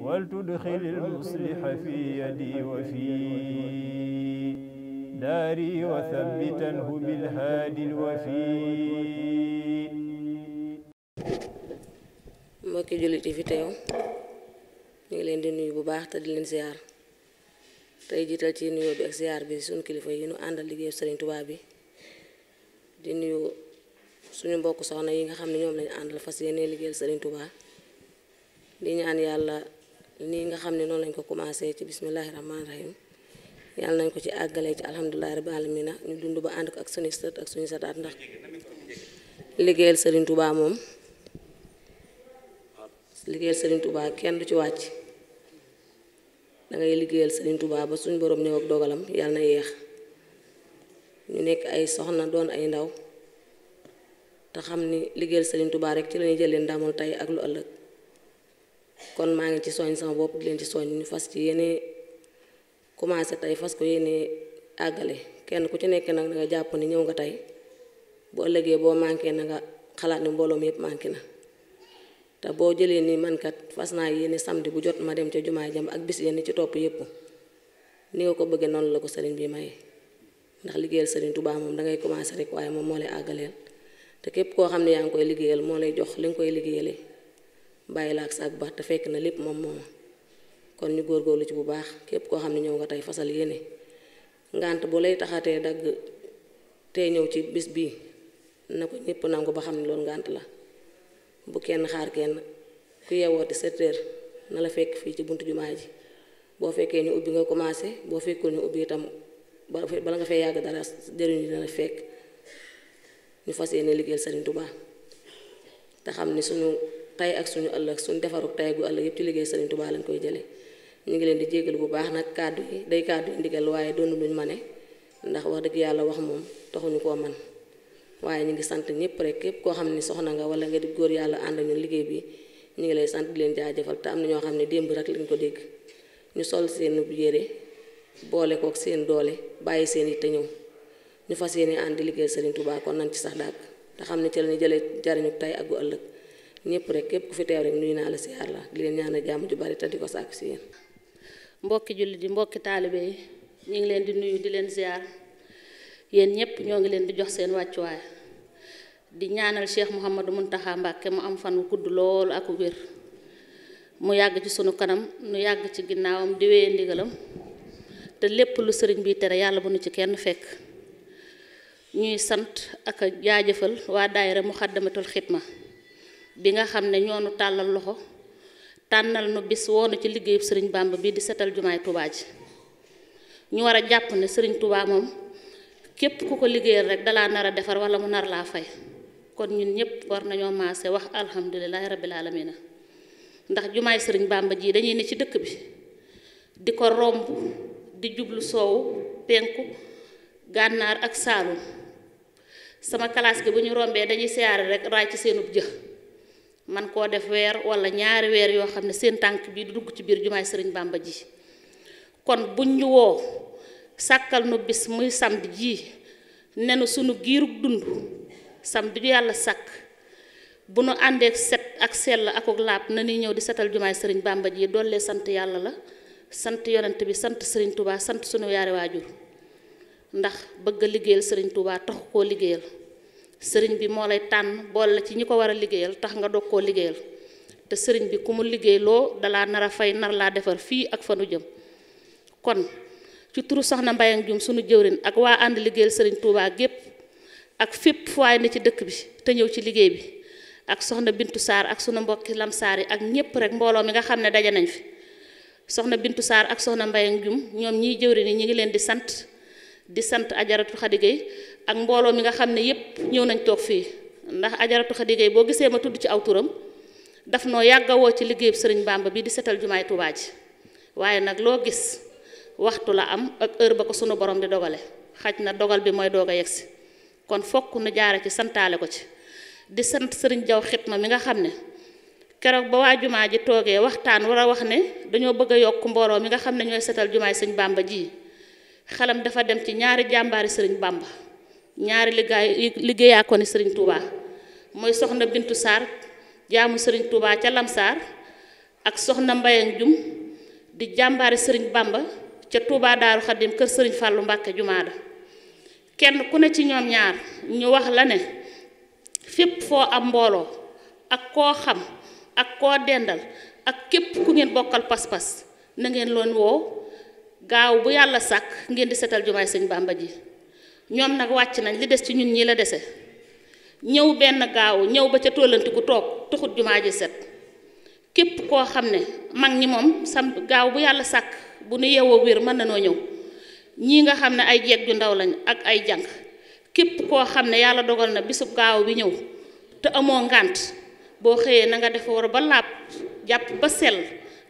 ولتدخل المصلح في يدي وفي داري وثبتنه بالهادي الوفي mbokki jullit yi fi teew ñu ngi leen di nuyu bu baax te di leen ziar tey jiital ci nuyoo bi ak ziar bi suñu kilifa yi ñu àndal liggéeyu Sëriñ tubaab bi di nuyu suñu mbokk soxna yi nga xam ne ñoom lañu àndal fas yéene liggéeyal Sëriñ Tuubaa di ñaan yàlla nii nga xam ne noonu lañ ko commencé ci bismillahi rahmaani rahim yàlla nañ ko ci àggalee ci alhamdulilahi rabbil alamina ñu dund ba ànd ko ak suñu sët ak suñu sataat ndax liggéeyal Serigne Touba moom liggéeyal Serigne tubaa kenn du ci wàcc da ngay liggéeyal Serigne Touba ba suñ borom ñëw ak dogalam yàlla na yéex ñu nekk ay soxna doon ay ndaw te xam ni liggéeyal Serigne Touba rek ci lañuy jëlee ndamul tey ak lu ëllëg kon maa ngi ci soñ sama bopp leen ci soñ ñu fas ci yéene commencé tey fas ko yéene àggale kenn ku ci nekkee nag nga jàpp ni ñëw nga tey boo ëllëgee boo manqué na nga xalaat ni mbooloom yépp manqué na te boo jëlee ni mankat fas naa yéene samedi bu jot ma dem ca jumaa jam ak bis yenn ci topp yépp ni nga ko bëggee noonu la ko sëriñ bi maye ndax liggéeyal sëriñ Tuubaa moom dangay commencé rek waaye moom moo lay àggaleel te képp koo xam ne yaa ngi koy liggéeyal moo lay jox li nga koy liggéeyalee bàyyi la ak sa ak baax te fekk na lépp moom mooma kon ñu góorgóorlu ci bu baax képp koo xam ne ñëw nga tey fasal yéene ngant boo lay taxatee dagg tey ñëw ci bis bii na ko ñëpp nangu ba xam ne loolu ngant la bu kenn xaar kenn ku yeewooti sept na la fekk fii ci buntu jumaa ji boo fekkee ñu ubbi nga commencé boo fekkul ñu ubbi itam bala nga fee yàgg dara jëriñu dina la fekk ñu fas yéene liggéeyal Sëriñ Tuubaa te xam ne suñu tey ak suñu ëllëg suñu defaru tey gu ëllëg yëpp ci liggéey Sëriñ Tuubaa lañ koy jëlee ñu ngi leen di jégalu bu baax nag kàddu yi day kàddu ndigal waaye doonu luñ ma ne ndax wax dëgg yàlla wax moom taxuñu koo man waaye ñu ngi sant ñëpp rek képp koo xam ne soxna nga wala nga di góor yàlla ànd ñun liggéey bi ñu ngi lay sant di leen jaajëfal te am na ñoo xam ne démb rek lañ ko dégg ñu sol seen yére boole kook seen doole bàyyi seen yitte ñëw ñu fas yéene ànd di liggéey Sëriñ Tuubaa nañ ci sax dàkk te xam ne ci lañu jëlee jariñu tey ak ëllëg ñëpp rek képp ku fi teew rek naa la siyaar la di leen ñaanal jàmm ju bari te di ko sàkk si yéen. mbokki jullit yi mbokki taalibe yi ñu ngi leen di nuyu di leen ziar yéen ñëpp ñoo ngi leen di jox seen wàccuwaay di ñaanal Cheikh Mouhamadou Mountakha Mbacké mu am fan wu gudd lool ak wér mu yàgg ci sunu kanam nu yàgg ci ginnaawam di wéye ndigalam te lépp lu sëriñ bi tere yàlla bu nu ci kenn fekk ñuy sant ak a jaajëfal waa daayira Muxaddamatul Xidma bi nga xam ne ñoo nu tàllal loxo tànnal nu bis woonu ci liggéeyub sëriñ Bàmba bii di setal jumaay Tuubaa ji war a jàpp ne sëriñ Tuubaa képp ku ko liggéeyal rek dalaa nar a defar wala mu nar laa fay kon ñun ñëpp war nañoo maase wax alhamdulilahi rabbil alamina ndax jumaay sëriñ Bàmba ji dañuy ne ci dëkk bi di ko romb di jublu soowu penku gànnaar ak saalum sama classe gi bu ñu rombee dañuy siyaare rek raay ci seenub jë man koo def weer wala ñaari weer yoo xam ne seen tànk bi dugg ci biir jumaay sëriñ Bàmba ji kon buñ ñu woo sàkkal nu bis muy samedi ji nenu sunu giirug dund samedi ju yàlla sàkk bu nu àndee set ak sell akuk laab na ñuy ñëw di setal jumaay sëriñ Bàmba ji doolee sant yàlla la sant yonent bi sant sëriñ Touba sant sunu yaari waajur ndax bëgg a liggéeyal sëriñ Touba taxu koo liggéeyal sëriñ bi moo lay tànn bool la ci ñi ko war a liggéeyal tax nga dog koo liggéeyal te sëriñ bi ku mu liggéey loo dalaa nar a fay nar laa defar fii ak fanu nu jëm kon ci turu soxna mbayan Jum sunu jëwrin ak waa ànd liggéeyal sëriñ Touba gépp fépp fuwaay ne ci dëkk bi te ñëw ci liggéey bi ak soxna Bintu Saar ak sunu mbokki lamsaar yi ak ñépp rek mbooloo mi nga xam ne daje nañ fi soxna Bintu Saar ak soxna Mbayang Jum ñoom ñiy jëwrin yi ñu ngi leen di sant di sant ajaratu Xadi Gey ak mbooloo mi nga xam ne yëpp ñëw nañ toog fii ndax ajaratu Khady Gueye boo gisee ma tudd ci aw turam daf noo yàggawoo ci liggéeyub sëriñ bàmba bii di setal jumaay Tuubaa waaye nag loo gis waxtu la am ak heure ba ko sunu borom di dogale xaj na dogal bi mooy doog a yegsi kon fokk nu jaare ci santaale ko ci di sant sëriñ jaw ma mi nga xam ne keroog ba waa jumaa ji toogee waxtaan war a wax ne dañoo bëgg a yokk mbooloo mi nga xam ne ñooy setal jumaay sëñ Bamba ji xelam dafa dem ci ñaari jàmbaari sëriñ Bamba ñaari liggéey liggéeyaa ko ni sëriñ Touba mooy soxna Bintu Sarr jaamu sëriñ Touba ca Lamsaar ak soxna Mbayang Jum di jàmbaari sëriñ bàmba ca Touba Daaru Xadim kër sëriñ Fàllu Mbàkke Jumaada kenn ku ne ci ñoom ñaar ñu wax la ne fépp foo am mbooloo ak koo xam ak koo dendal ak képp ku ngeen bokkal pas-pas na ngeen loon woo gaaw bu yàlla sàkk ngeen di setal jumaay sëñ bàmba ji ñoom nag wàcc nañ li des ci ñun ñi la dese ñëw benn gaawu ñëw ba ca tollantiku toog tuxut jumaa ji set képp koo xam ne mag ñi moom sam gaaw bu yàlla sàkk bu nu yewoo wér mën na noo ñëw ñi nga xam ne ay jeeg ju ndaw lañ ak ay jàng képp koo xam ne yàlla dogal na bisub gaaw bi ñëw te amoo ngànt boo xëyee na nga def war ba làpp jàpp ba sell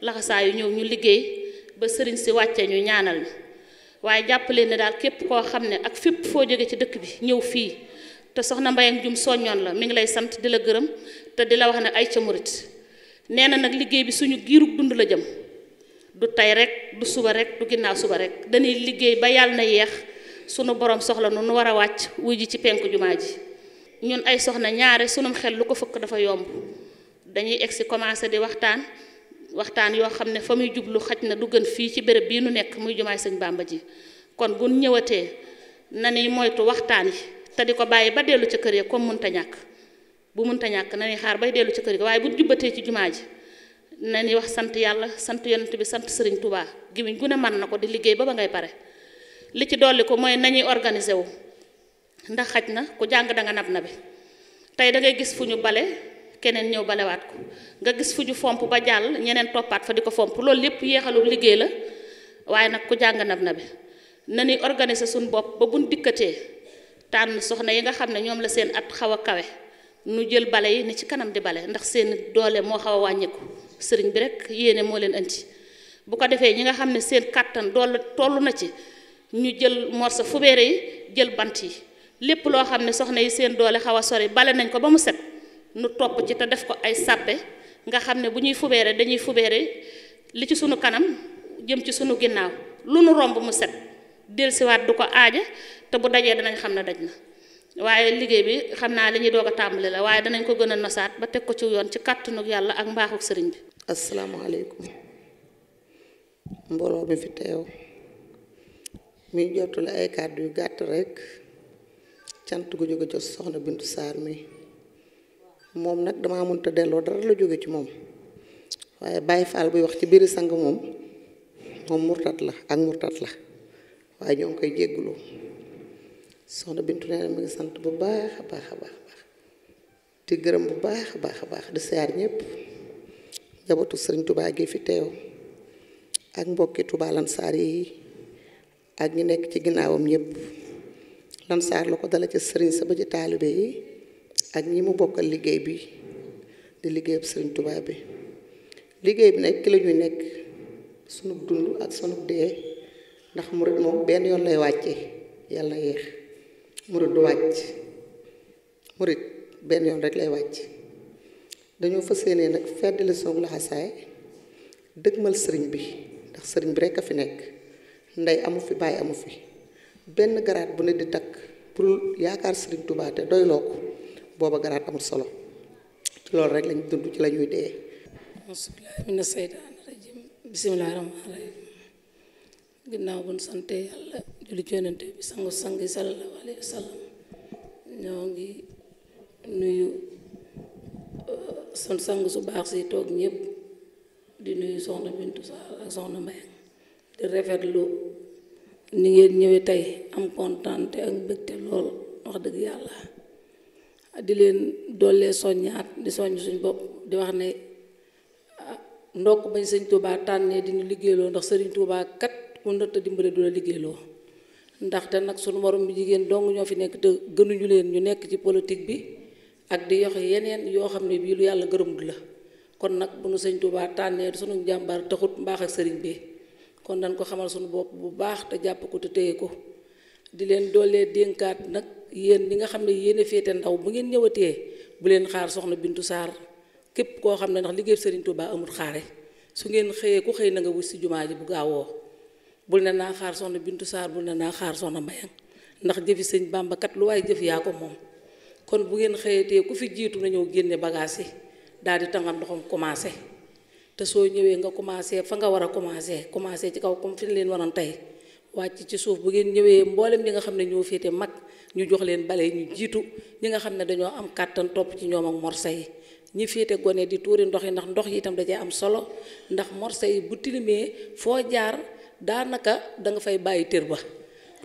laxasaa yu ñëw ñu liggéey ba sëriñ si wàcce ñu ñaanal ñu waaye jàpp leen ne daal képp koo xam ne ak fépp foo jóge ci dëkk bi ñëw fii te soxna Mbayang Jum soññoon la mi ngi lay sant di la gërëm te di la wax ne ay ca murit nee na nag liggéey bi suñu giirug dund la jëm du tey rek du suba rek du ginnaaw suba rek dañuy liggéey ba yàlla na yeex sunu borom soxla nu nu war a wàcc wuy ji ci penk jumaa ji ñun ay soxna ñaare sunum xel lu ko fëkk dafa yomb dañuy egsi commencé di waxtaan waxtaan yoo xam ne fa muy jublu xaj na du gën fii ci béréb bii nu nekk muy jumaay sañ Bàmba ji kon bu ñëwatee na ni moytu waxtaan yi te di ko bàyyi ba dellu ca kër ya comme mënta ñàkk bu mënta ñàkk na ni xaar bay dellu ca kër ya waaye bu jubbatee ci jumaa ji na ni wax sant yàlla sant yonent bi sant sëriñ Touba gémmiñ gu ne man na ko di liggéey ba ba ngay pare li ci dolli ko mooy nañuy organiser wu ndax xaj na ku jàng danga nab na bi tey da keneen ñëw balewaat ko nga gis fu ñu fomp ba jàll ñeneen toppaat fa di ko fomp loolu lépp yéexalul liggéey la waaye nag ku jàng nab na bi na ñuy organiser suñu bopp ba buñ dikkatee tànn soxna yi nga xam ne ñoom la seen at xaw a kawe nu jël bale yi ni ci kanam di bale ndax seen doole moo xaw a wàññiku sëriñ bi rek yéene moo leen andi bu ko defee ñi nga xam ne seen kàttan dool toll na ci ñu jël morso fubeere yi jël bant yi lépp loo xam ne soxna yi seen doole xaw a bale nañ ko ba mu set nu topp ci te def ko ay sàppe nga xam ne bu ñuy fubeere dañuy fubeere li ci sunu kanam jëm ci sunu ginnaaw lu nu romb mu set dellusiwaat du ko aaja te bu dajee danañ xam ne daj na waaye liggéey bi xam naa li ñuy doog a tàmbali la waaye danañ ko gën a nosaat ba teg ko ci yoon ci kàttanug yàlla ak mbaaxuk sëriñ bi. asalaamaaleykum mbooloo mi fi teew mi jottali ay kàddu yu gàtt rekk cant ko jóge jot soxna Bintu Saar mi. moom nag damaa mënta delloo dara la jóge ci moom waaye bàyyi Fall buy wax ci biir sang moom moom murtat la ak murtat la waaye ñoo ngi koy jégguloo soxna Bintu nee na mi ngi sant bu baax a baax a baax di gërëm bu baax a baax a baax di siyaar ñëpp njabootu sëriñ Touba gi fi teew ak mbokki Touba Lansar yi ak ñi nekk ci ginnaawam ñépp Lansar la ko dala ci sëriñ sa ba ci taalibe yi ak ñi mu bokkal liggéey bi di liggéeyab Sëriñ tubaab bi liggéey bi nag ki la ñuy nekk sunu dund ak sunu dee ndax murid moom benn yoon lay wàcce yàlla yéex murid du wàcc murid benn yoon rek lay wàcc dañoo fas yéene nag feddali sunu laxasaay dëgmal sëriñ bi ndax sëriñ bi rek a fi nekk ndey amu fi bàyyi amu fi benn garaat bu ne di takk pour yaakaar Sëriñ Tuubaa te doyloo ko booba garaat amul solo ci loolu rek lañ dund ci la ñuy dee bismillaahi mina seytaani rajim bismillaahi rahmaani rahim ginnaaw sangu sang yi sallallahu alayhi ñoo ngi nuyu sun sang su baax si toog ñëpp di nuyu soxna Bintu Saar ak soxna Mbaye di rafetlu ni ngeen ñëwee tey am kontaan te ak mbégte lool wax dëgg yàlla di leen dollee soññaat di soññ suñ bopp di wax ne ah, ndokk bañ sëñ Touba tànnee di ñu liggéeyloo ndax sëriñ Touba kat ku nëtt dimbale du la liggéeyloo ndaxte nag suñu morom bi jigéen dong ñoo fi nekk te gënuñu leen ñu nekk ci politique bi ak di yoxe yeneen yoo xam ne bii lu yàlla gërëm du la kon nag bu nu sëñ Touba tànnee suñu jàmbaar taxut mbaax ak sëriñ bi kon dañ ko xamal suñu bopp bu baax te jàpp ko te téye ko di leen doolee dénkaat nag yéen ñi nga xam ne yéen a féete ndaw bu ngeen ñëwatee bu leen xaar soxna Bintu saar képp koo xam ne ndax liggéey Serigne Touba amul xaare su ngeen xëyee ku xëy na nga wut si jumaa ji bu gaawoo bul ne naa xaar soxna Bintu saar bu ne naa xaar soxna Mbayang ndax jëfi sëñ Bàmba kat lu waaye jëf yaa ko moom kon bu ngeen xëyatee ku fi jiitu na ñëw génne bagaas yi daal di tàngam ndoxam commencé te soo ñëwee nga commencé fa nga war a commencé commencé ci kaw comme fi leen waroon tey wàcc ci suuf bu ngeen ñëwee mboolem ñi nga xam ne ñoo féete mag ñu jox leen bale ñu jiitu ñi nga xam ne dañoo am kàttan topp ci ñoom ak morsa yi ñi féete gone di tuuri ndox yi ndax ndox yi itam dajee am solo ndax morsa yi bu tilimee foo jaar daanaka da nga fay bàyyi tër ba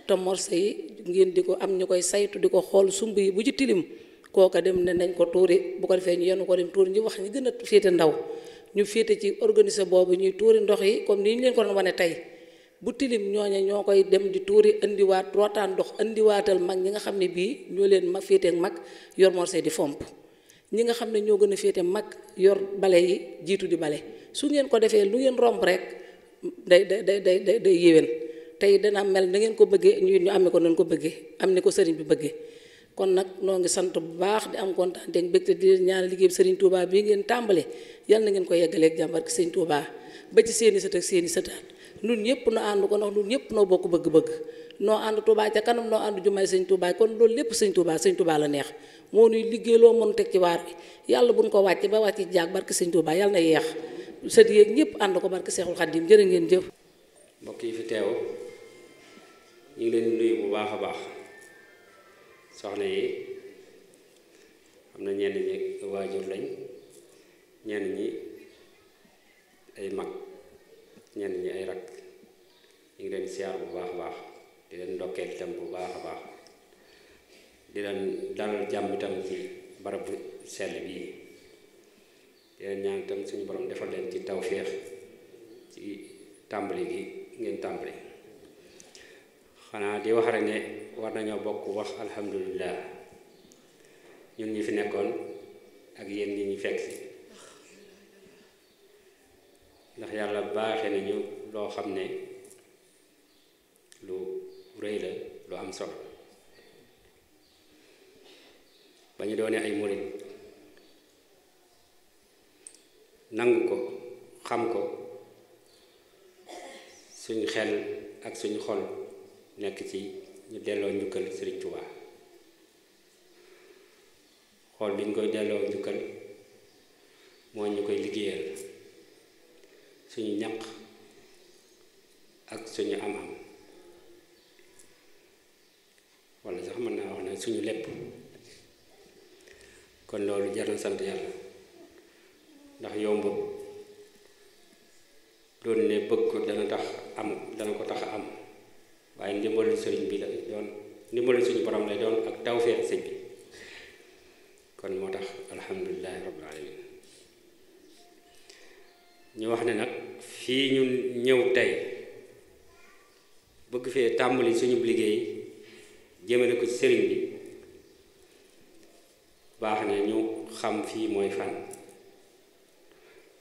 te morsa yi ngeen di ko am ñu koy saytu di ko xool sumb yi bu ci tilim kooka dem ne nañ ko tuuri bu ko defee ñu yenu ko dem tuuri ñu wax ñi gën a féete ndaw ñu féete ci organiser boobu ñuy tuuri ndox yi comme ni ñu leen ko doon wane tey bu tilim ñooña ñoo koy dem di tuuri indiwaat rootaan dox indiwaatal mag ñi nga xam ne bii ñoo leen ma féete mag yor morse di fomp ñi nga xam ne ñoo gën a féete mag yor bale yi jiitu di bale su ngeen ko defee lu ngeen romb rek day day day day day yéwén tey dana mel na ngeen ko bëggee ñu ñu amee ko nañ ko bëggee am ni ko sëriñ bi bëggee kon nag noo ngi sant bu baax di am kontaan te mbégte di leen ñaan liggéey bi sëriñ Touba bii ngeen tàmbale yal na ngeen ko yeggaleek jàmbar ki sëriñ Touba ba ci seeni sët seeni sëtaat nun ñëpp nu ànd ko lu nun ñëpp noo bokk bëgg-bëgg noo ànd Touba ca kanam noo ànd jumaay sëñ Touba kon loolu lépp sëñ Touba sëñ Touba la neex moo nuy liggéey loo mën teg ci waar bi yàlla buñ ko wàcc ba wàcc jaag barke sëñ Touba yàlla na yeex sët yéeg ñëpp ànd ko barke Seexul Xaddim jërë ngeen jëf mbokk yi fi teew ñu ngi leen nuyu bu baax a baax soxna yi am na ñenn ñi waajur lañ ñenn ñi ay mag ñenn ñi ay rakk ñu ngi leen siyaar bu baax a baax di leen ndokkeel tam bu baax a baax di leen dalal jàmm itam ci barab bu sell bii di leen ñaan itam suñu borom defal leen ci tawféex ci tàmbali gi ngeen tàmbali xanaa di wax rek war nañoo bokk wax alhamdulillah ñun ñi fi nekkoon ak yéen ñi ñu fekk si ndax yàlla baaxe nañu loo xam ne lu rëy la lu am solo ba ñu doonee ay murit nangu ko xam ko suñ xel ak suñ xol nekk ci ñu delloo njukkal Sëriñ Tuubaa xol bi ñu koy delloo njukkal moo ñu koy liggéeyal suñu ñaq ak suñu am walla sax mën naa wax na suñu lépp kon loolu jar na sant yàlla ndax yomb doon ne bëgg ko dana tax am dana ko tax am waaye ndimbalu sëriñ bi la doon ndimbalu suñu borom lay doon ak tawfeex sëñ bi kon moo tax alhamdulilahi rabbil alamin ñu wax ne nag fii ñu ñëw tey bëgg fee tàmbali suñu liggéey jëmale ko ci sëriñ bi baax na ñu xam fii mooy fan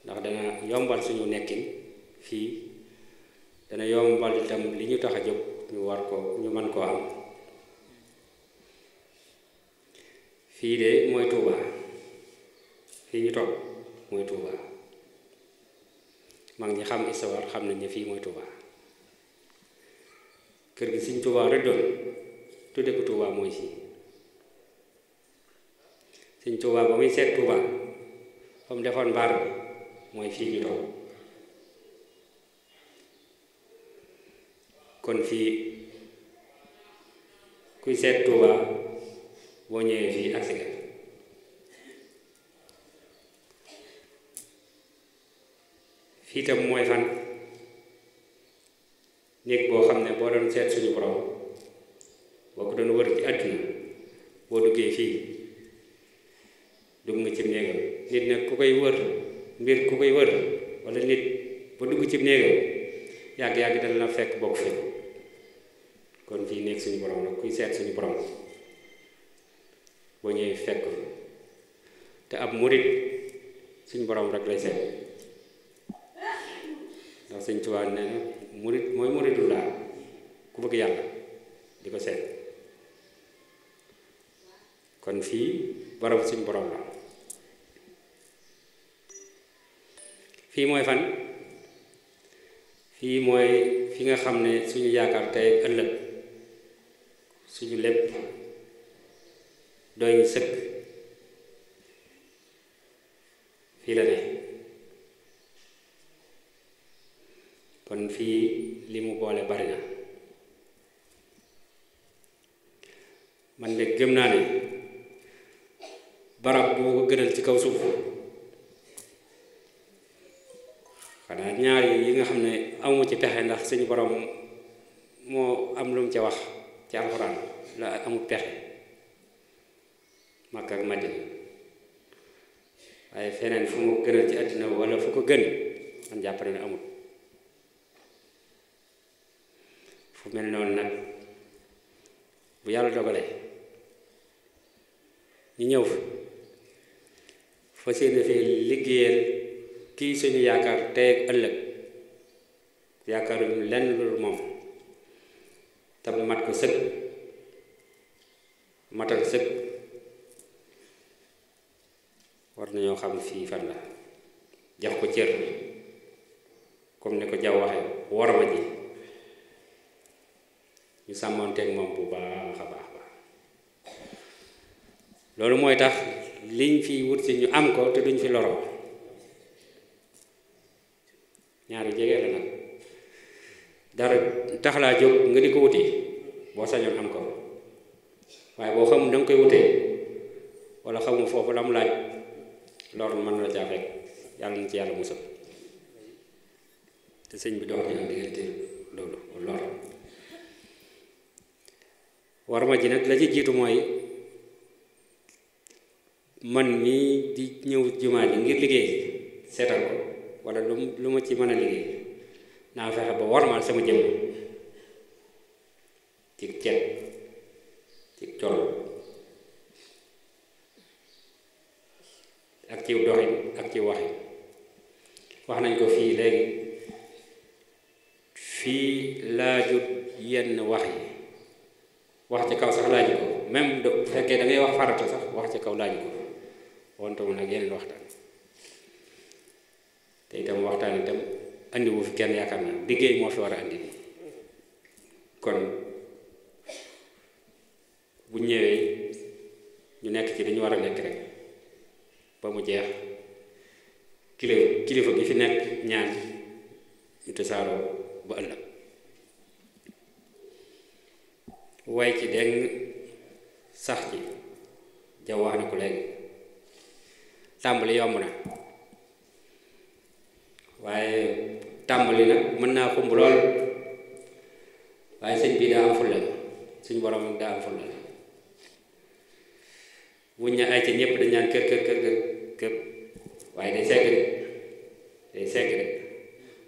ndax dana yombal suñu nekkin fii dana yombal itam li ñu tax a jóg ñu war ko ñu mën koo am fii de mooy Touba fii ñu toog mooy Touba mag ñi xam histoire xam nañ ne fii mooy Touba kër gi Sëñ Touba rëddoon tudde ko Touba mooy si Sëñ Touba ba muy seet Touba fa defoon mbaar mooy fii ñu toog kon fii kuy seet Touba boo ñëwee fii ak fiitam mooy fan néeg boo xam ne boo doon seet suñu borom boo ko doon wër ci àdduna boo duggee fii dugg nga cib néegam nit koy wër mbir ku koy dugg cib néegam yàgg-yàgg dana fekk bokk kon fii néeg suñu borom la kuy seet suñu borom boo ñëwee fekk te ab murit suñu borom rek lay seet ndax sëñ Tuubaa murit mooy muritu laa ku bëgg yàlla di ko seet kon fii borom suñ borom la fii mooy fan fii mooy fi nga xam ne suñu yaakaar tey ëllëg suñu lépp doy ñu fii la ne kon fii li mu boole bari na man de gëm naa ne barab boo ko gënal ci kaw suuf xanaa ñaar yi nga xam ne amu ci pexe ndax suñu borom moo am lu mu ca wax ci alxuraan la amul pexe Makka ak Madina waaye feneen fu mu gënal ci àddina wala fu ko gën man jàpp ne amul fu mel noonu nag bu yàlla dogalee ñu ñëw fa seen fee liggéeyal kii suñu yaakaar tey ëllëg yaakaaruñu lenn loolu moom te mu mat ko sëkk matal sëkk war nañoo xam fii fan la jox ko cër comme ni ko jaw waxee worma ji ñu sàmmoonteeg moom bu baax baax baax loolu mooy tax liñ fi wut si ñu am ko te duñ fi loroo ñaari jege la nag dara tax laa jóg nga di ko wuti boo sañoon am ko waaye boo xamul da koy wutee walla xamul foofu la mu laaj loolu mën na la jaax rek yàlla na ci yàlla musal te sëñ bi dox ñu am diggante loolu lor warma ji nag la ci jiitu mooy man mii di ñëw jumaa yi ngir liggéey seetal ko wala lu lu ma ci mën a liggéey naa fexe ba warmaal sama jëm ci cet ci col ak ci doxin ak ci waxin wax nañ ko fii léegi fii laajut yenn wax yi wax ci kaw sax laaj ko même bu fekkee da ngay wax farata sax wax ci kaw laaj ko wante mu nag yeneen waxtaan te itam waxtaan itam andi wu fi kenn yaakaar naa liggéey moo fi war a andi kon bu ñëwee ñu nekk ci li ñu war a nekk rek ba mu jeex kilifa kilifa gi fi nekk ñaan ñu tasaaroo ba ëllëg. way ci dégg sax ci jaw na ko léegi tàmbali yomb na waaye tàmbali nag mën naa xumb lool waaye sëñ bii daa am fulla la suñ borom daa am fulla la wuñ ne ay ci ñëpp dañ naan kër kër kër kër waaye day segg de day segg de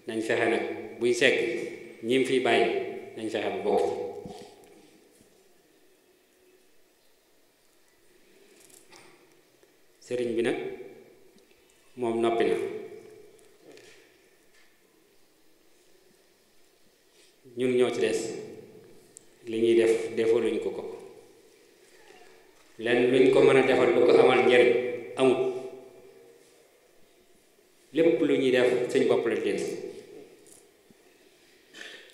nañ fexe nag buy segg ñim fi bàyyi nañ fexe bu bokk sëriñ bi nag moom noppi na ñun ñoo ci des li ñuy def defoo defaluñ ko ko lenn luñ ko mën a defal bu ko amal njariñ amut lépp lu ñuy def suñ bopp la jël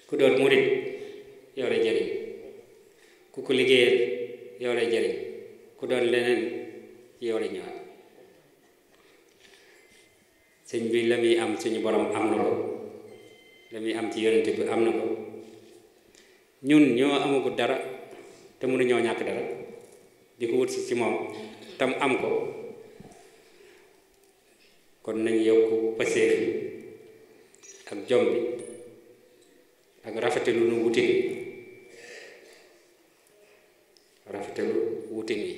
ku doon murit yow lay ku ko liggéeyal yow lay jëriñ ku doon leneen yow lay sëñ bii la muy am suñu borom am na ko la muy am ci yonent bi am na ko ñun ñoo amagut dara te mënuñoo ñàkk dara di ko wut si ci moom tam am ko kon nañ yokk paseer bi ak jom bi ak rafetelu nu wutin wi rafetelu wutin wi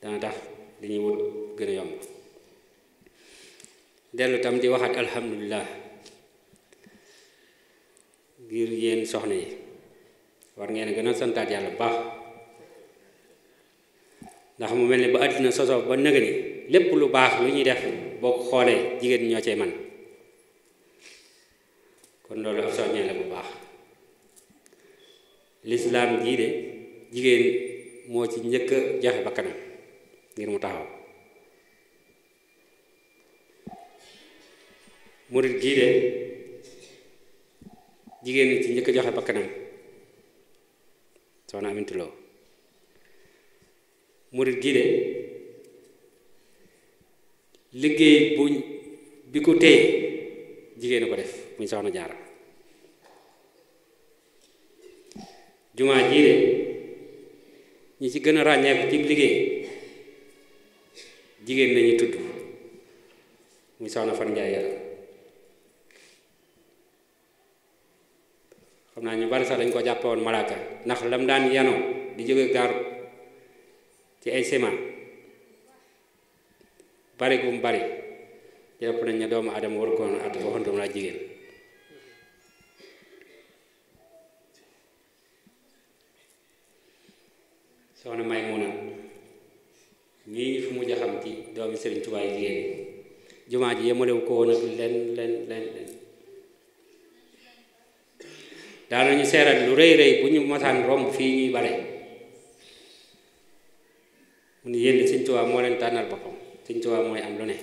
dana tax li ñuy wut gën a yomb dellu tam di waxaat alhamdulilah ngir yéen soxna yi war ngeen gën a santaat yàlla bu baax ndax mu mel ni ba àddina sosoo ba nëga lépp lu baax lu ñuy def boo xoolee jigéen ñoo cee man kon loolu ab soññee la bu baax lislaam jii de jigéen moo ci njëkk joxe bakkanam ngir mu taxaw murit gii de jigéen ñi ci njëkk joxe bakkanam soxna Aminta Lo murit gii de liggéey buñ bi ko téye jigéen a ko def buñ soxna jaara jumaa jii de ñi ci gën a ràññeeku ci liggéey jigéen nañu tudd muy soxna fan njaay yàlla xam naa ñu bari sax dañ ko jàppewoon malaaka ndax lam daan yano di jóge gaaru ci ay sima bari bu mu bari jàpp nañ ne doomu adama war at waxantum laa jigéen jumaa ji yemalewu ko woon ak len len len daanañu seeral lu rëy rëy bu ñu masaan romb fii ñuy bare mu ni yéen Sëñ moo leen tànnal boppam Sëñ Tuubaa mooy am lu ne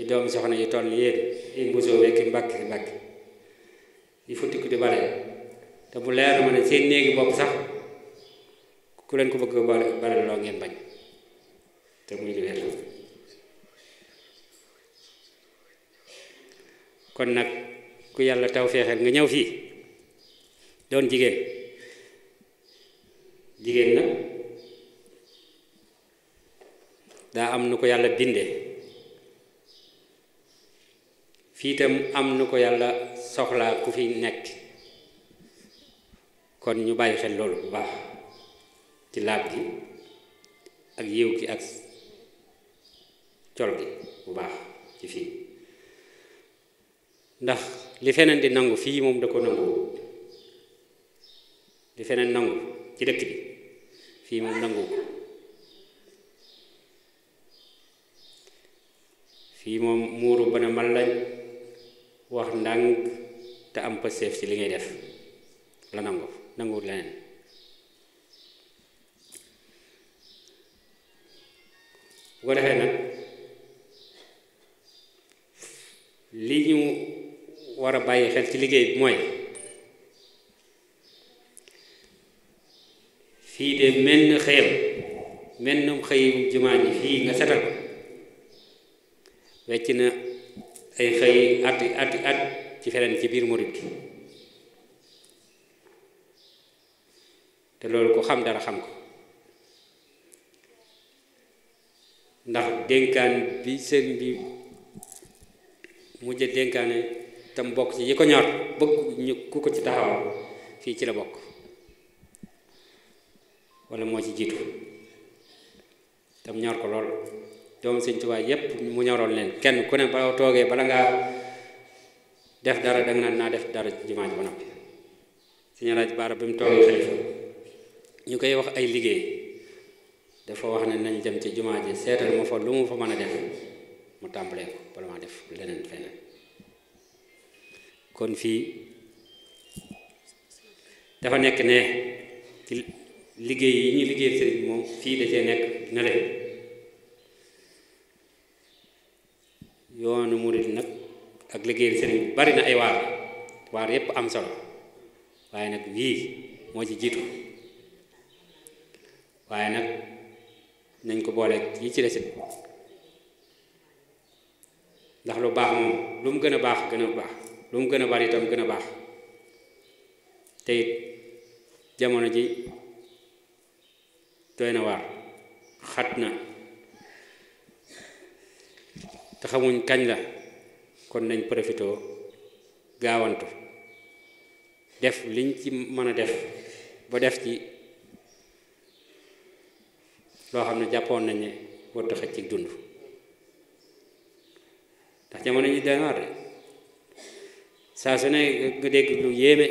i doomi soxna yu toll ni yéen i mbusoo wekki mbàkk si mbàkk yi futtiku di bare te bu leer ma ne seen néegi bopp sax ku leen ko bëgg bare loo ngeen bañ te muy di wér kon nag ku yàlla taw feexeel nga ñëw fii doon jigéen jigéen nag daa am na ko yàlla dinde fii itam am na ko yàlla soxlaa ku fi nekk kon ñu bàyyi xel loolu bu baax ci laab gi ak yiw gi ak col gi bu baax ci fii ndax li feneen di nangu fii moom da ko nangu di feneen nangu ci dëkk bi fii moom nangu fii moom muuru ba ne man lañ wax ndànk te am pëseef ci li ngay def la nangu nanguwut leneen bu ko defee nag li ñu war a bàyyi xel ci liggéey bi mooy fii de menn xëyam mennum xëyum jumaa ji fii nga setal wecc na ay xëy ati at ci feneen ci biir murit te loolu ko xam dara xam ko ndax dénkaan bi sëriñ bi mujj dénkaane tam bokk ci yi ko ñor bëgg ñu ku ko ci taxawal fii ci la bokk wala moo ci jiitu tam ñor ko lool doomu sëñ Tuubaa yépp mu ñoroon leen kenn ku ne ba toogee bala ngaa def dara danga naan naa def dara jumaa ji ba noppi sëñ Alaaji Baara bi mu toogee xalifa ñu koy wax ay liggéey dafa wax ne nañ dem ci jumaa ji seetal ma fa lu mu fa mën a def mu tàmbalee ko bala maa def leneen feneen kon fii dafa nekk ne liggéey yi ñu liggéey sëriñ moom fii da cee nekk ne le yoonu murit nag ak liggéey sëriñ bari na ay waar waar yépp am solo waaye nag wii moo ci jiitu waaye nag nañ ko boole yi ci desit ndax lu baax moom lu mu gën a baax gën a baax lu mu gën a bari gën a baax te jamono ji doy na waar xat na te kañ la kon nañ profitoo gaawantu def liñ ci mën a def ba def ci loo xam ne jàppoon nañ ne xëcc ci dund ndax jamono ji doy na waar de saa su ne nga dégg lu yéeme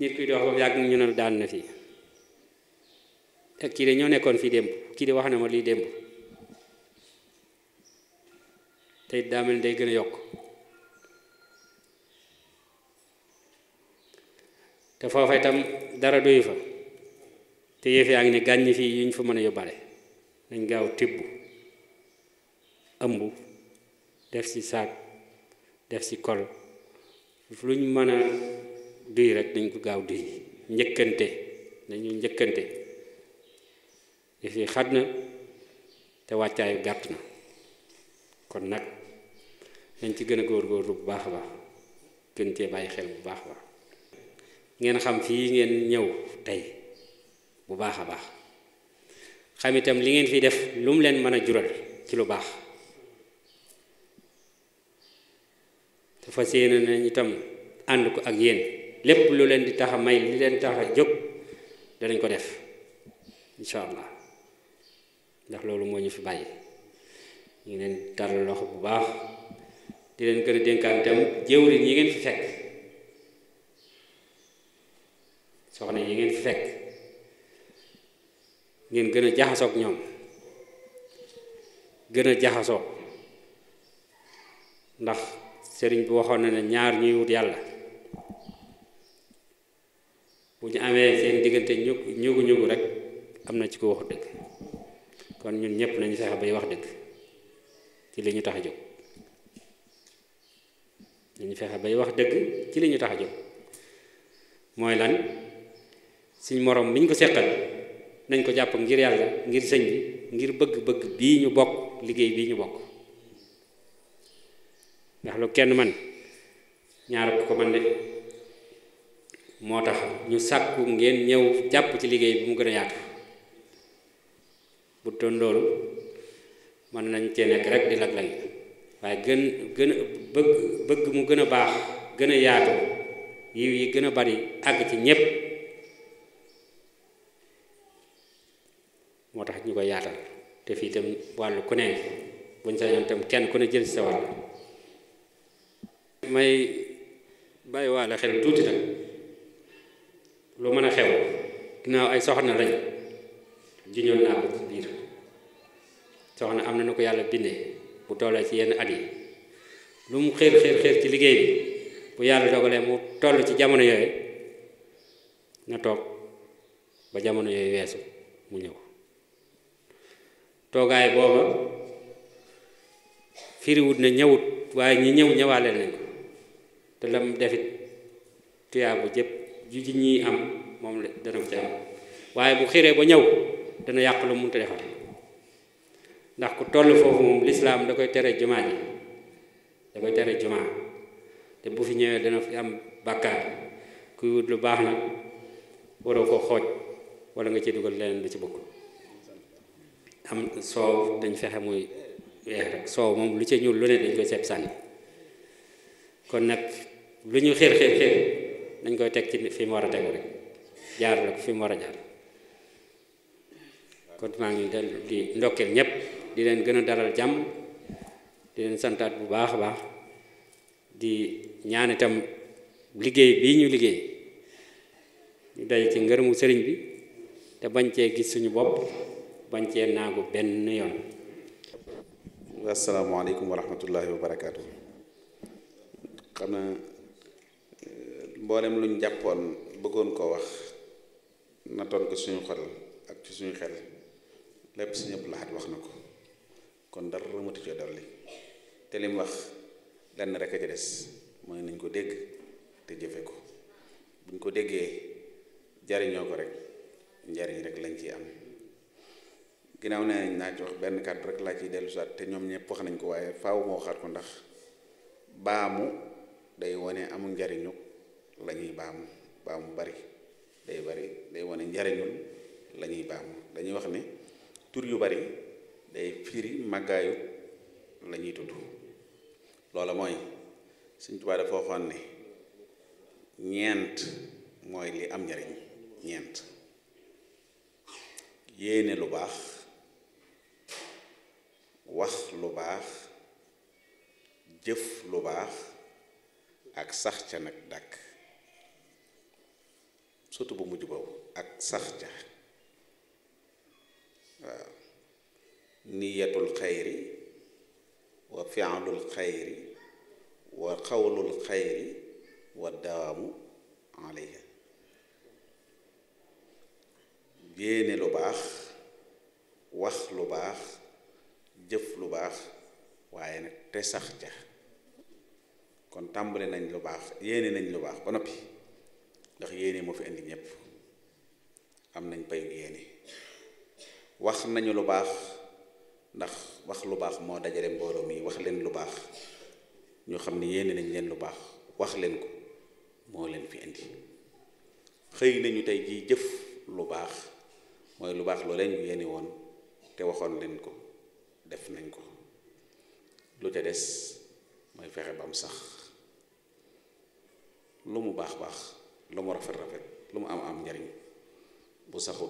nit kuy dox ba mu yàgg ñu ne daan na fii te kii de ñoo nekkoon fii démb kii de wax na ma lii démb tey it day gën a yokk te foofa itam dara doyu fa te yëf yaa ngi ne gàññ fii yuñ fa mën a yóbbaale dañ gaaw tibb ëmb def ci saak def ci kol luñ mën a duy rek dañ ko gaaw duy njëkkante dañuy njëkkante yi fi xat na te wàccaayu gàtt na kon nag nañ ci gën a góorgóorlu bu baax a baax gën cee bàyyi xel bu baax a baax ngeen xam fii ngeen ñëw tey bu baax a baax xam itam li ngeen fii def lu mu leen mën a jural ci lu baax te fas yéene nañ itam ànd ko ak yéen lépp lu leen di tax a may li leen tax a jóg danañ ko def incha allah ndax loolu moo ñu fi bàyyi ñu ngi leen taral loxo bu baax di leen gën a dénkaan itam jëwriñ yi ngeen fi fekk soxna yi ngeen fi fekk ngeen gën a jaxasook ñoom gën a jaxasoo ndax sëriñ bi waxoon na ne ñaar ñuy wut yàlla bu ñu amee seen diggante ñugu ñugu ñugu rek am na ci ko wax dëgg kon ñun ñëpp nañu fexe bay wax dëgg ci li ñu tax a jóg nañu fexe bay wax dëgg ci li ñu tax a jóg mooy lan suñ moroom bi ñu ko seqal nañ ko jàpp ngir yàlla ngir sëñ bi ngir bëgg-bëgg bii ñu bokk liggéey bii ñu bokk ndax lu kenn man ñaar ko man de moo tax ñu sàkku ngeen ñëw jàpp ci liggéey bi mu gën a yaatu bu doon loolu mën nañ cee nekk rek di lag-lay waaye gën gën a bëgg bëgg mu gën a baax gën a yaatu yiw yi gën a bari àgg ci ñépp moo tax ñu koy yaatal te fii itam wàllu ku ne buñ sañoon itam kenn ku ne jël si sa wàll may bàyyi waale xel tuuti nag lu mën a xew ginnaaw ay soxna lañ juñoon naa ko biir soxna am na nu ko yàlla bindee bu tollee ci yenn at yi lu mu xéer xéer xéer ci liggéey bi bu yàlla dogalee mu toll ci jamono yooyu na toog ba jamono yooyu weesu mu ñëw toogaay booba firiwut na ñëwut waaye ñi ñëw ñëwaale nañ ko te lam defit tuyaabu jëpp ju ji ñii am moom la dana ko ci am waaye bu xiree ba ñëw dana yàq lu munta defal ndax ku toll foofu moom lislaam da koy tere jumaa ji da koy tere jumaa te bu fi ñëwee dana fi am bàkkaar kuy wut lu baax nag waroo ko xooj walla nga ci dugal leneen lu ci bokk am soow dañ fexe muy weex rek soow moom lu ci ñuul lu ne dañ koy seet sànni kon nag lu ñu xir xir xir dañ koy teg ci fi mu war a tegu rek jaar la ko fi mu war a jaar kon maa ngi leen di ndokkeel ñëpp di leen gën a daral jàmm di leen santaat bu baax a baax di ñaan itam liggéey bii ñu liggéey ñu day ci ngërëmu sëriñ bi te bañ cee gis suñu bopp bañ cee naagu benn yoon. asalaamaaleykum wa rahmatullahi wa barakaatu. xam na eh, mboolem luñ jàppoon bëggoon koo wax natoon ko suñu xol ak ci suñu xel. lépp suñu Abdul Ahad wax na ko kon dara ramatu ci dolli te lim wax lenn rek a ca des mooy nañ ko dégg te jëfe ko buñ ko déggee jariñoo ko rek njariñ rek lañ ciy am ginnaaw ne naa ci wax benn kàddu rek laa ciy dellu te ñoom ñëpp wax nañ ko waaye faaw moo waxaat ko ndax baamu day wone amul njariñu lañuy ñuy baamu baamu bari day bari day wone njariñul lañuy ñuy baamu dañuy wax ne tur yu bari day firi màggaayu la ñuy tudd loola mooy Sëñ Tuubaa dafa waxoon ñeent mooy li am njariñ ñeent yéene lu baax wax lu baax jëf lu baax ak sax ca nag dàkk surtout bu mujj boobu ak sax ca niyatul xayri wa fialul xayri wa xawlul xayri wa dawaamu alayha yéene lu baax wax lu baax jëf lu baax waaye nag te sax ja kon tàmbale nañ lu baax yéene nañ lu baax ba noppi ndax yéene moo fi indi ñépp am nañ payu yéene wax nañu lu baax ndax wax lu baax moo dajale mbooloo mi wax leen lu baax ñoo xam ne yéene nañ leen lu baax wax leen ko moo leen fi indi xëy nañu tey jii jëf lu baax mooy lu baax loo leen ñu woon te waxoon leen ko def nañ ko lu te des mooy fexe ba am sax lu mu baax baax lu mu rafet rafet lu mu am am njariñ bu saxu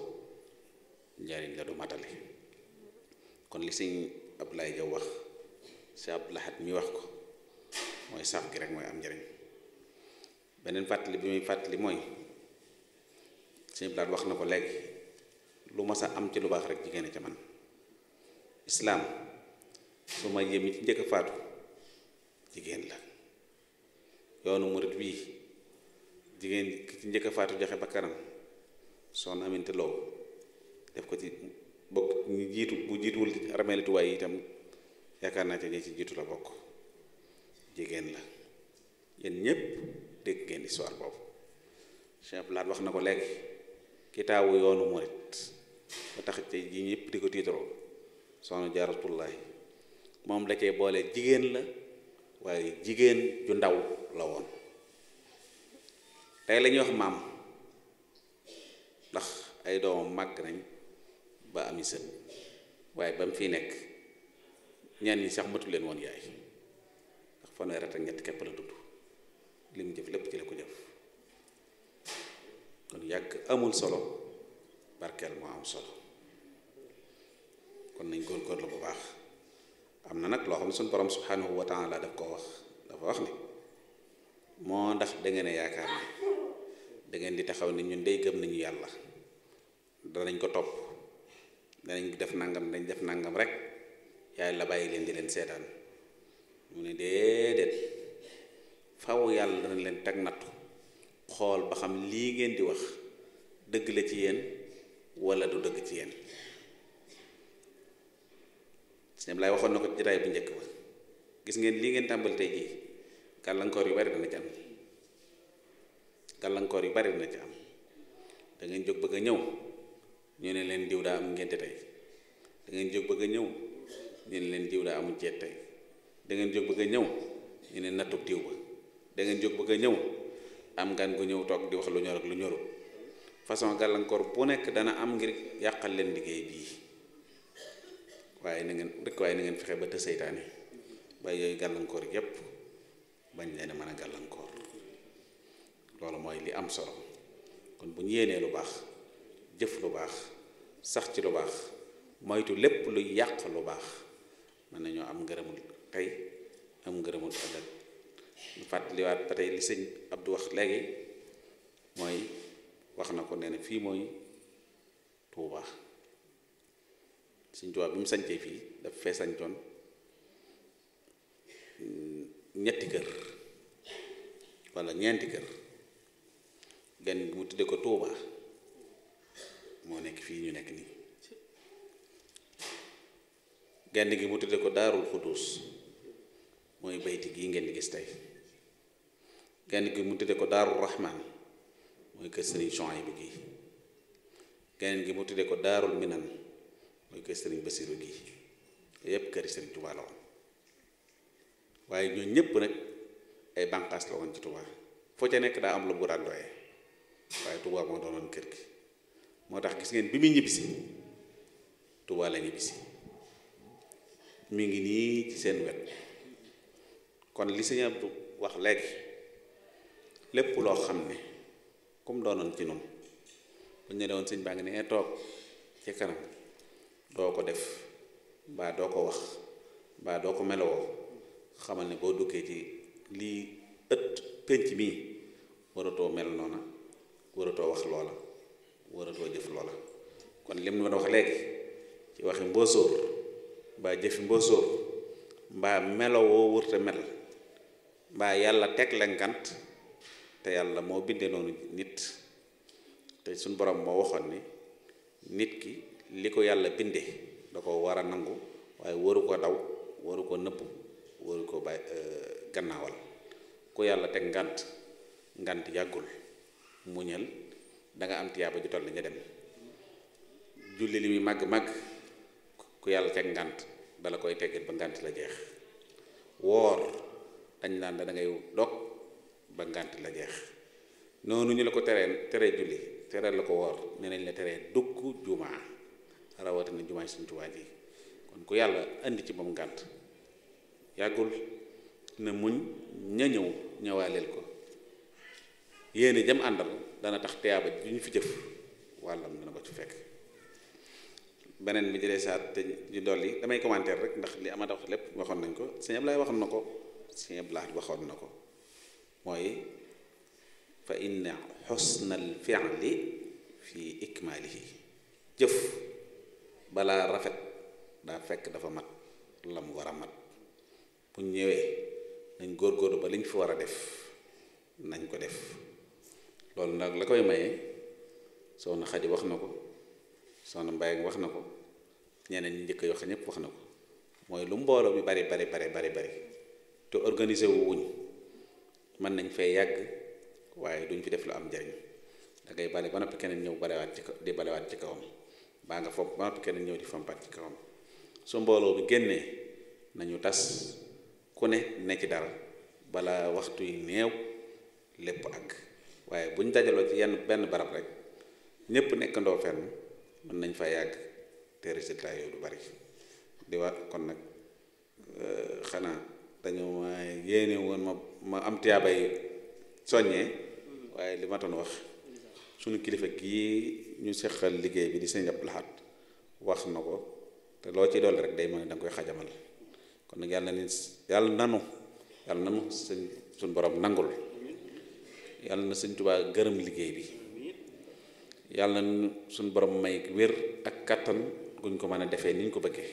njariñ la du matale kon li sëñ Abdoulaye Diaw wax si Abdou Lahad mi wax ko mooy sax gi rek mooy am njariñ beneen fàttali bi muy fàttali mooy sëñ wax na ko léegi lu ma sa am ci lu baax rek jigéen ca man islaam su ma yem ci njëkk faatu jigéen la yoonu murit bii jigéen ki ci njëkk faatu joxe ba kanam soo aminte loo def ko ci bokk ñu jiitu bu jiituwul armeeli Tuubaa yi itam yaakaar naa ci ñi ci jiitu la bokk jigéen la yéen ñépp dégg ngeen histoire boobu Cheikh wax na ko léegi kitaabu yoonu murit ba tax ci ji ñëpp di ko tiitaroo soxna jaaratullaahi moom da cee boole jigéen la waaye jigéen ju ndaw la woon tey la wax maam ndax ay doomam màgg nañ ba ami sën waaye ba mu fiy nekk ñaan ñi sax matu leen woon yaay ndax fanweer at ak ñett képp la dund li jëf lépp ci la ko jëf kon yàgg amul solo barkeel moo am solo kon nañ góorgóorlu bu baax am na nag loo xam ne suñu borom subhanahu wa taala daf ko wax dafa wax ne moo ndax dangeen ngeen a yaakaar ne da ngeen di taxaw ne ñun day gëm nañu yàlla danañ ko topp danañ def nangam dañ def nangam rek yaay la bàyyi leen di leen seetaan mu ne déedéet faw yàlla dana leen teg nattu xool ba xam lii ngeen di wax dëgg la ci yéen wala du dëgg ci yéen sëñ laay waxoon na ko jotaay bi njëkk ba gis ngeen lii ngeen tàmbali tey jii gàllankoor yu bari dana ci am gàllankoor yu bari na ci am da ngeen jóg bëgg a ñëw ñu ne leen diw daa am ngente tey da jóg bëgg a ñëw ñu ne leen diw daa amul ceet tey da ngeen jóg bëgg a ñëw ñu ne nattub diw ba da ngeen jóg bëgg a ñëw am gan gu ñëw toog di wax lu ñor ak lu ñorul façon gàllankoor bu nekk dana am ngir yàqal leen liggéey bii waaye na ngeen rek waaye na ngeen fexe ba te seytaane ba yooyu gàllankoor yépp bañ leen mën a gàllankoor loolu mooy li am solo kon bu ñu yéenee lu baax jëf lu baax sax ci lu baax moytu lépp lu yàq lu baax mën nañoo am ngërëmul tey am ngërëmul ëllëg ñu fàttaliwaat ba tey li sëñ Abdou wax léegi mooy wax na ko nee fii mooy Tuuba sëñ Tuuba bi mu sañcee fii daf fee sañcoon ñetti kër walla ñeenti kër gan mu tudde ko Tuuba moo nekk fii ñu nekk nii genn gi mu tudde ko daarul xudduus mooy bayti gii ngeen gis tey genn gi mu tudde ko daarul rahmaan mooy kër sëriñ Suhaybu bi gii geneen gi mu tudde ko daarul minan mooy kër sëriñ Basiru gii yépp kër sëriñ Tuubaa la woon waaye ñoo ñépp nag ay bànqaas la woon ci Tuubaa nekk daa am lu bu daan doyee moo doonoon kër gi moo tax gis ngeen bi mu ñibbisi Tuubaa la ñibbisi mi ngi nii ci seen wet kon li sëñ wax léegi lépp loo xam ne comme doonoon ci noonu bu ñu ne woon sëñ baa ngi toog ci kanam doo ko def mbaa doo ko wax mbaa doo ko melowoo xamal ne boo duggee ci lii ëtt pénc mii waratoo mel noona waratoo wax loola waratoo jëf loola kon lim ma doon wax léegi ci waxi mbóosóor mbaa jëfi mbóosóor mbaa melowoo woo wërta mel mbaa yàlla teg la ngant te yàlla moo bindee noonu nit te suñ borom moo waxoon ni nit ki li ko yàlla bindee da ko war a nangu waaye waru ko daw waru ko nëpp waru ko bàyyi euh, gannaawal ku yàlla teg ngant ngant yàggul muñal danga nga am tiyaaba ju toll nga dem julli li muy màgg-màgg ku yàlla teg ngànt dala koy teggit ba ngànt la jeex woor dañ naan la da dog ba ngànt la jeex noonu ñu la ko teree tere julli teree la ko woor nee nañ la teree dugg jumaa rawatina jumaa suñu Tuubaa ji kon ku yàlla indi ci moom ngànt yàggul na muñ ña ñëw ñëwaaleel ko yéene jëm àndal dana tax tiyaaba ju ñu fi jëf wàllam dana ko ci fekk beneen bi jëlee saat te ñu dolli damay commentaire rek ndax li amata wax lépp waxoon nañ ko sëñ Ablaay waxoon na ko sëñ Ablaay waxoon na ko mooy fa inna xusna al fi'li fi ikmaalihi jëf balaa rafet daa fekk dafa mat lam war a mat bu ñëwee nañ góorgóorlu ba liñ fi war a def nañ ko def loolu nag la koy maye soxna Xadi wax na ko soxna Mbaye wax na ko ñeneen ñu njëkk yoxe ñëpp wax na ko mooy lu mbooloo mi bari bari bari bari bari te organisé wu wuñ mën nañ fay yàgg waaye duñ fi def lu am njariñ da ngay bale ba noppi keneen ñëw balewaat ci di balewaat ci kawam baa nga fopp ba noppi keneen ñëw di fampaat ci kawam su mbooloo bi génnee nañu tas ku ne ne ci dara bala waxtu yi néew lépp ak waaye bu ñu dajaloo ci yenn benn barab rek ñëpp nekkandoo fenn mën nañ fa yàgg te résultat yooyu du bari di wax kon nag euh, xanaa dañoo ma yéene woon ma ma am tiyaabay soññee waaye li ma doon wax suñu kilifa kii ñu seqal liggéey bi di sëñ Abdou Lahad wax na ko te loo ci dolli rek day mën ne danga koy xajamal kon nag yàlla na ni yàlla nanu yàlla nanu sëñ suñ borom nangul yàlla na sëñ Tuubaa gërëm liggéey bi yàlla na suñ borom may wér ak kàttan guñ ko mën a defee niñ ko bëggee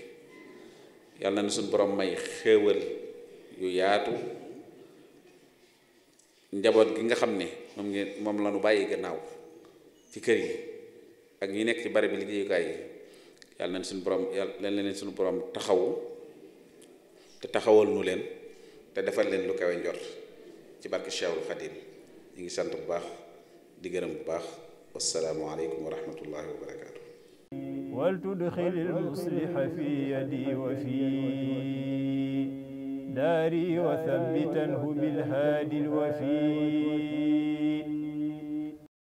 yàlla na suñ boroom may xéewal yu yaatu njaboot gi nga xam ne moom moom la ñu bàyyi gannaaw ci kër yi ak ñi nekk ci bari bi liggéeyukaay yi yàlla na suñ boroom yàlla nañ leen suñu borom taxawu te taxawal nu leen te defal leen lu kawe njort ci barke Cheikhul Khadim ñu ngi sant bu baax di gërëm bu baax wassalaamu aleykum wa rahmatullahi wa barakaatu wal tudxil al muslih fi yadi wa fi daari wa thabbitanhu bil haadi al wafi